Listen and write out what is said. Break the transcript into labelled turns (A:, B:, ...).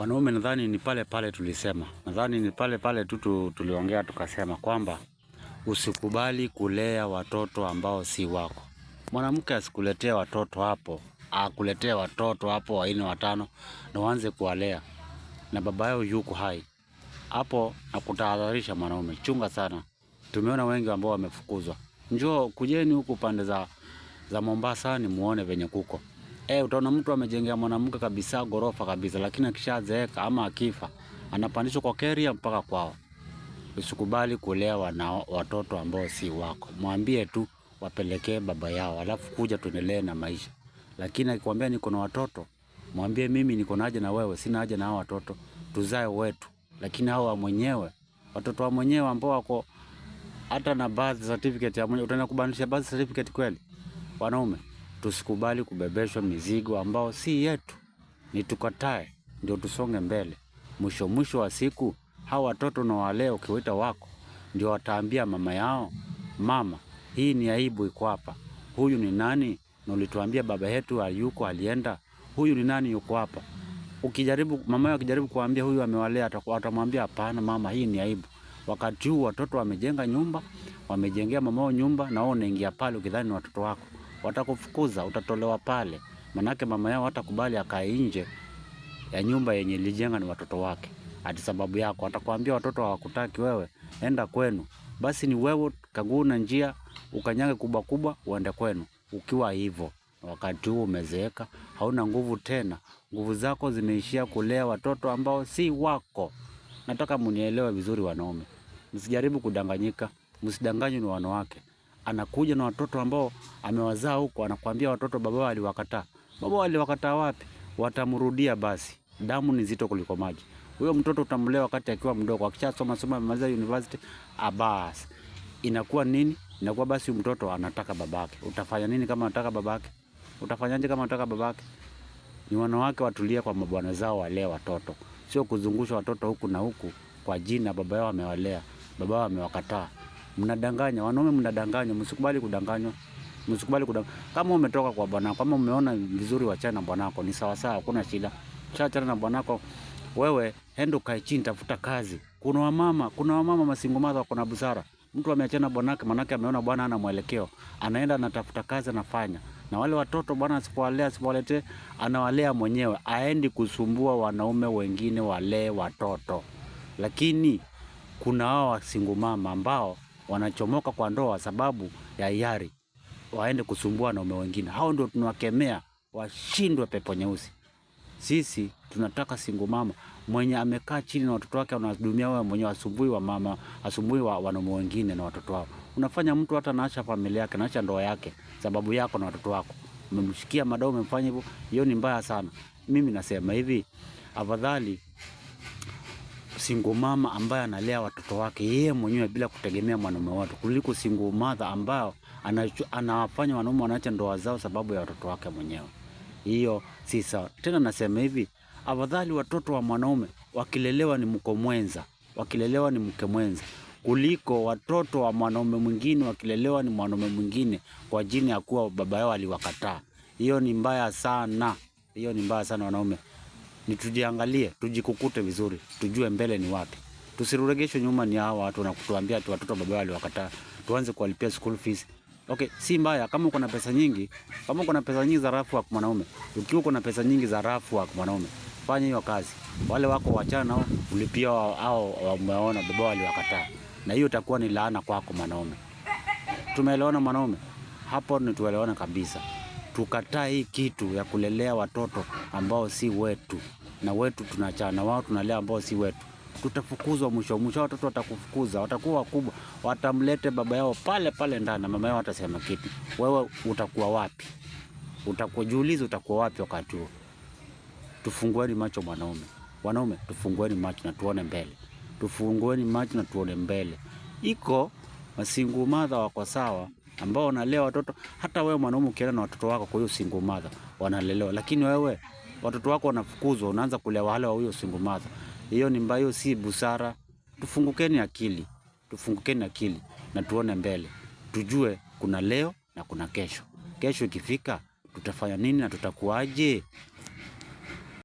A: Wanaume nadhani ni pale pale tulisema, nadhani ni pale pale tu tuliongea, tukasema kwamba usikubali kulea watoto ambao si wako. Mwanamke asikuletee watoto hapo, akuletee watoto hapo waine watano na uanze kuwalea na baba yao yuko hai hapo, nakutahadharisha mwanaume, chunga sana. Tumeona wengi ambao wamefukuzwa. Njoo kujeni huku pande za, za Mombasa ni muone venye kuko eh, utaona mtu amejengea mwanamke kabisa gorofa kabisa, lakini akishazeeka ama akifa anapandishwa kwa keria mpaka kwao. Usikubali kulea na watoto ambao si wako, mwambie tu wapelekee baba yao, alafu kuja tuendelee na maisha. Lakini akikwambia niko na watoto, mwambie mimi niko na haja na wewe, sina haja na hao watoto, tuzae wetu. Lakini hao wa mwenyewe watoto wa mwenyewe ambao wako hata na birth certificate ya mwenyewe, utaenda kubandisha birth certificate kweli, wanaume? Tusikubali kubebeshwa mizigo ambao si yetu, ni tukatae ndio tusonge mbele. Mwisho mwisho wa siku hawa watoto na waleo ukiwaita wako ndio wataambia mama yao, mama, hii ni aibu iko hapa. Huyu ni nani? Na ulituambia baba yetu hayuko, alienda. Huyu ni nani yuko hapa? Ukijaribu mama yao akijaribu kuambia huyu amewalea, atamwambia hapana, mama, hii ni aibu. Wakati huu watoto wamejenga nyumba, wamejengea mama mamao nyumba, na wao unaingia pale ukidhani ni watoto wako watakufukuza, utatolewa pale, manake mama yao hatakubali akae nje ya nyumba yenye ilijenga ni watoto wake, ati sababu yako. Atakwambia watoto hawakutaki wewe, enda kwenu. Basi ni wewe kaguu na njia ukanyage kubwa kubwa uende kwenu. Ukiwa hivyo, wakati huu umezeeka, hauna nguvu tena, nguvu zako zimeishia kulea watoto ambao si wako. Nataka munielewe vizuri, wanaume, msijaribu kudanganyika, msidanganywe ni wanawake anakuja na watoto ambao amewazaa huko, anakuambia watoto baba aliwakataa. Baba aliwakataa wapi? Watamrudia basi. Damu ni nzito kuliko maji. Huyo mtoto utamlea wakati akiwa mdogo, akishasoma soma, amemaliza university, abas ah, inakuwa nini? Inakuwa basi mtoto anataka babake. Utafanya nini kama anataka babake? Utafanyaje kama anataka babake? Ni wanawake watulie kwa mabwana zao, walee watoto, sio kuzungusha watoto huku na huku kwa jina baba yao amewalea, baba yao amewakataa mnadanganya. Wanaume mnadanganywa, msikubali kudanganywa. Msikubali kudanganywa. Kama umetoka kwa bwanako, kama umeona vizuri, wachana na bwanako, ni sawa sawa, hakuna shida. Chachana na bwanako. Wewe enda kae chini, tafuta kazi. Kuna wamama, kuna wamama masingumaza madha wako na busara. Mtu ameachana bwanake, manake ameona bwana ana mwelekeo, anaenda anatafuta kazi, anafanya na wale watoto bwana asipowalea asipowalete, anawalea mwenyewe, aendi kusumbua wanaume wengine walee watoto. Lakini kuna hao wasingumama ambao wanachomoka kwa ndoa sababu ya hiari, waende kusumbua wanaume wengine. Hao ndio tunawakemea, washindwe pepo nyeusi. Sisi tunataka single mama mwenye amekaa chini na watoto wake anawadumia wewe mwenye asumbui wa mama asumbui wa wanaume wengine na watoto wao. Unafanya mtu hata naacha familia yake naacha ndoa yake sababu yako na watoto wako, umemshikia madao, umemfanya hivyo, hiyo ni mbaya sana. Mimi nasema hivi, afadhali single mama ambaye analea watoto wake yeye mwenyewe bila kutegemea mwanaume watu, kuliko single mother ambayo anawafanya wanaume wanaacha ndoa zao sababu ya watoto wake mwenyewe. Hiyo si sawa. Tena nasema hivi, afadhali watoto wa mwanaume wakilelewa ni mko mwenza, wakilelewa ni mke mwenza kuliko watoto wa mwanaume mwingine wakilelewa ni mwanaume mwingine kwa jina ya kuwa baba yao aliwakataa. Hiyo ni mbaya sana, hiyo ni mbaya sana wanaume ni tujiangalie, tujikukute vizuri, tujue mbele ni wapi, tusiruregeshwe nyuma ni hawa watu na kutuambia tu watoto baba waliwakataa, tuanze kuwalipia school fees. Okay, si mbaya kama uko na pesa nyingi, kama uko na pesa nyingi za rafu ya mwanaume, ukiwa uko na pesa nyingi za rafu ya mwanaume, fanya hiyo kazi. Wale wako wachana nao, ulipia hao wameona baba waliwakataa, na hiyo itakuwa ni laana kwako mwanaume. Tumeelewana mwanaume? Hapo ni tuelewana kabisa, tukataa hii kitu ya kulelea watoto ambao si wetu na wetu tunachana, wao tunalea ambao si wetu. Tutafukuzwa mwisho mwisho, watoto watakufukuza, watakuwa wakubwa, watamlete baba yao pale pale ndani, na mama yao atasema kitu, wewe utakuwa wapi? Utakujiuliza utakuwa wapi wakati huo? Tufungueni macho mwanaume, wanaume, tufungueni macho na tuone mbele, tufungueni macho na tuone mbele. Iko masingumadha wako sawa ambao wanalea watoto. Hata wewe mwanaume ukienda na watoto wako kwa hiyo single mother wanalelewa, lakini wewe watoto wako wanafukuzwa, unaanza kulea wale wa huyo single mother. Hiyo ni mbaya, hiyo si busara. Tufungukeni akili, tufungukeni akili na tuone mbele, tujue kuna leo na kuna kesho. Kesho ikifika tutafanya nini na tutakuwaje?